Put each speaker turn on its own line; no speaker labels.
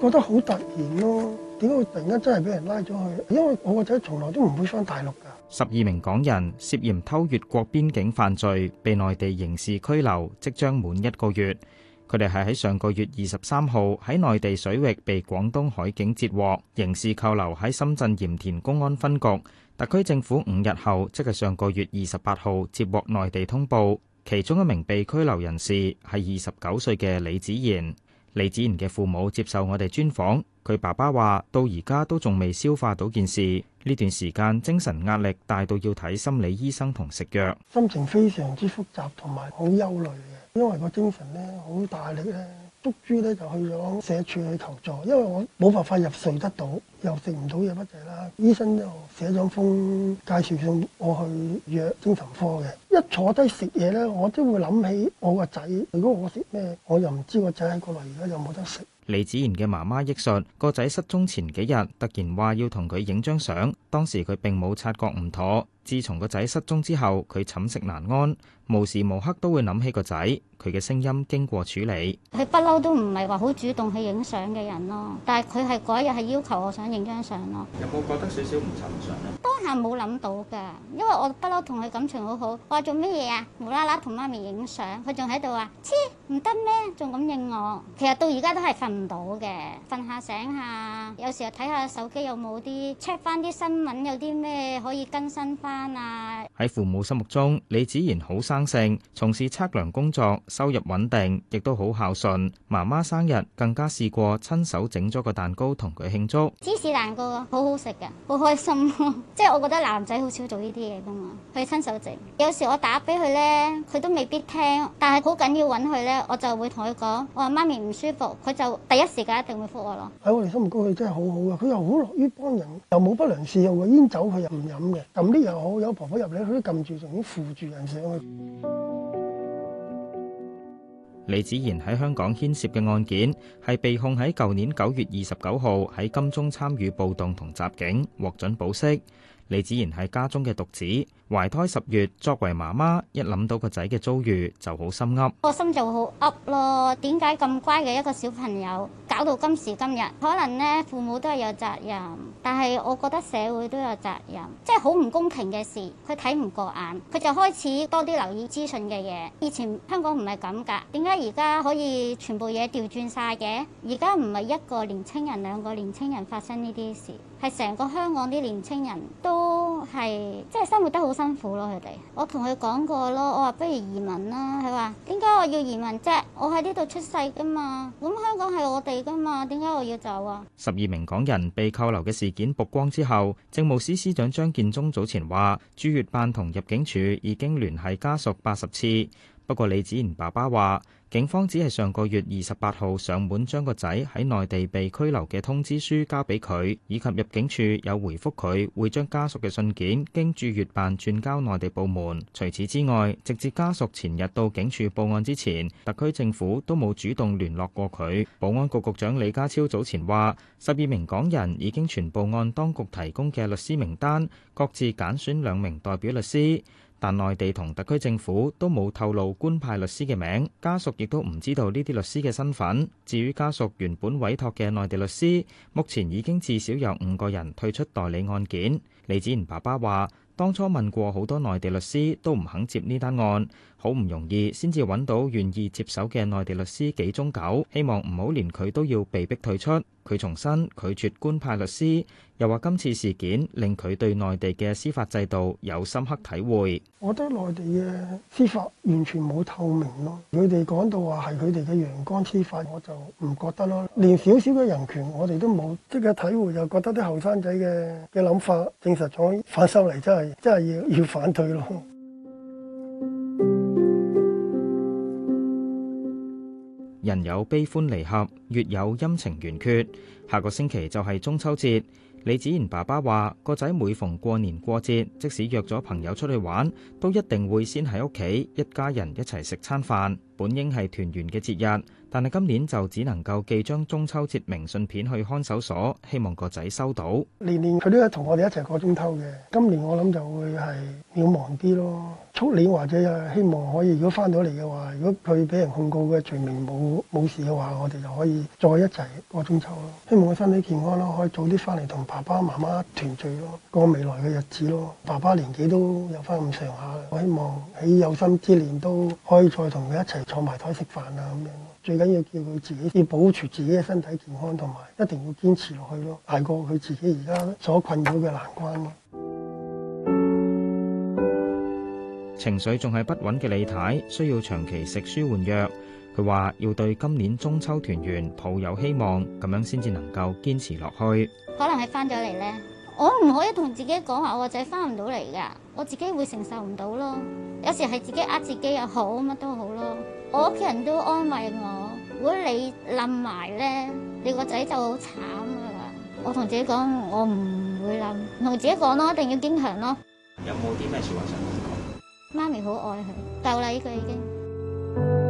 覺得好突然咯，點解會突然間真係俾人拉咗去？因為我個仔從來都唔會翻大陸噶。
十二名港人涉嫌偷越國邊境犯罪，被內地刑事拘留，即將滿一個月。佢哋係喺上個月二十三號喺內地水域被廣東海警截獲，刑事扣留喺深圳鹽田公安分局。特區政府五日後，即係上個月二十八號接獲內地通報。其中一名被拘留人士係二十九歲嘅李子賢。李子賢嘅父母接受我哋專訪，佢爸爸話到而家都仲未消化到件事，呢段時間精神壓力大到要睇心理醫生同食藥，
心情非常之複雜同埋好憂慮嘅，因為個精神咧好大力咧，捉豬咧就去咗社署去求助，因為我冇辦法入睡得到，又食唔到嘢乜嘢啦。醫生就寫咗封介紹信我去約精神科嘅。一坐低食嘢咧，我都會諗起我個仔。如果我食咩，我又唔知個仔喺過嚟，而家有冇得食。
李子賢嘅媽媽憶述：個仔失蹤前幾日，突然話要同佢影張相，當時佢並冇察覺唔妥。自從個仔失蹤之後，佢寢食難安，無時無刻都會諗起個仔。佢嘅聲音經過處理，
佢不嬲都唔係話好主動去影相嘅人咯。但係佢係嗰日係要求我想影張相咯。有
冇覺得少
少唔尋常咧？當下冇諗到㗎，因為我不嬲同佢感情好好。我做乜嘢啊？無啦啦同媽咪影相，佢仲喺度啊！切唔得咩？仲咁應我。其實到而家都係瞓唔到嘅，瞓下醒下，有時候睇下手機有冇啲 check 翻啲新聞有，有啲咩可以更新翻啊。
喺父母心目中，李子賢好生性，從事測量工作，收入穩定，亦都好孝順。媽媽生日更加試過親手整咗個蛋糕同佢慶祝。
芝士蛋糕好好食嘅，好開心。 即係我覺得男仔好少做呢啲嘢㗎嘛，佢親手整，有時。我打俾佢咧，佢都未必聽，但係好緊要揾佢咧，我就會同佢講，我話媽咪唔舒服，佢就第一時間一定會覆我咯。
喺、哎、我哋心，唔過，佢真係好好嘅，佢又好樂於幫人，又冇不良嗜好，又好，煙酒佢又唔飲嘅，撳啲又好，有婆婆入嚟佢都撳住，仲要扶住人上去。
李子賢喺香港牽涉嘅案件，係被控喺舊年九月二十九號喺金鐘參與暴動同襲警，獲准保釋。李子賢係家中嘅獨子，懷胎十月，作為媽媽，一諗到個仔嘅遭遇就好心噏，
個心就好噏咯。點解咁乖嘅一個小朋友？搞到今時今日，可能呢父母都係有責任，但係我覺得社會都有責任，即係好唔公平嘅事，佢睇唔過眼，佢就開始多啲留意資訊嘅嘢。以前香港唔係咁噶，點解而家可以全部嘢調轉晒嘅？而家唔係一個年青人、兩個年青人發生呢啲事，係成個香港啲年青人都。係，即係生活得好辛苦咯，佢哋。我同佢講過咯，我話不如移民啦。佢話點解我要移民啫？我喺呢度出世噶嘛，咁香港係我哋噶嘛，點解我要走啊？
十二名港人被扣留嘅事件曝光之後，政務司司長張建宗早前話，駐粵辦同入境處已經聯繫家屬八十次。不過李子賢爸爸話。警方只係上個月二十八號上門將個仔喺內地被拘留嘅通知書交俾佢，以及入境處有回覆佢會將家屬嘅信件經駐粵辦轉交內地部門。除此之外，直至家屬前日到警處報案之前，特區政府都冇主動聯絡過佢。保安局局長李家超早前話：十二名港人已經全部按當局提供嘅律師名單，各自揀選兩名代表律師。但內地同特區政府都冇透露官派律師嘅名，家屬亦都唔知道呢啲律師嘅身份。至於家屬原本委託嘅內地律師，目前已經至少有五個人退出代理案件。李子賢爸爸話當初問過好多內地律師都唔肯接呢單案，好唔容易先至揾到願意接手嘅內地律師紀中九，希望唔好連佢都要被逼退出。佢重申拒絕官派律師，又話今次事件令佢對內地嘅司法制度有深刻體會。
我覺得內地嘅司法完全冇透明咯，佢哋講到話係佢哋嘅陽光司法，我就唔覺得咯。連少少嘅人權我，我哋都冇即嘅體會，又覺得啲後生仔嘅嘅諗法，證實咗反修例，真係真係要要反對咯。
人有悲歡離合，月有陰晴圓缺。下個星期就係中秋節。李子賢爸爸話，個仔每逢過年過節，即使約咗朋友出去玩，都一定會先喺屋企，一家人一齊食餐飯。本應係團圓嘅節日，但係今年就只能夠寄張中秋節明信片去看守所，希望個仔收到。
年年佢都係同我哋一齊過中秋嘅，今年我諗就會係渺茫啲咯。出年或者希望可以，如果翻到嚟嘅話，如果佢俾人控告嘅罪名冇冇事嘅話，我哋就可以再一齊過中秋咯。希望佢身體健康咯，可以早啲翻嚟同爸爸媽媽團聚咯。過未來嘅日子咯，爸爸年紀都有翻咁上下啦，我希望喺有生之年都可以再同佢一齊。坐埋台食飯啊咁樣，最緊要叫佢自己要保持自己嘅身體健康，同埋一定要堅持落去咯，捱過佢自己而家所困擾嘅難關咯。
情緒仲係不穩嘅李太需要長期食舒緩藥，佢話要對今年中秋團圓抱有希望，咁樣先至能夠堅持落去。
可能係翻咗嚟呢，我唔可以同自己講話我仔翻唔到嚟噶，我自己會承受唔到咯。有時係自己呃自己又好，乜都好咯。我屋企人都安慰我，如果你冧埋咧，你個仔就好慘噶啦。我同自己講，我唔會冧，同自己講咯，一定要堅強咯。
有冇啲咩說話想同
佢講？媽咪好愛佢，夠喇，呢句已經。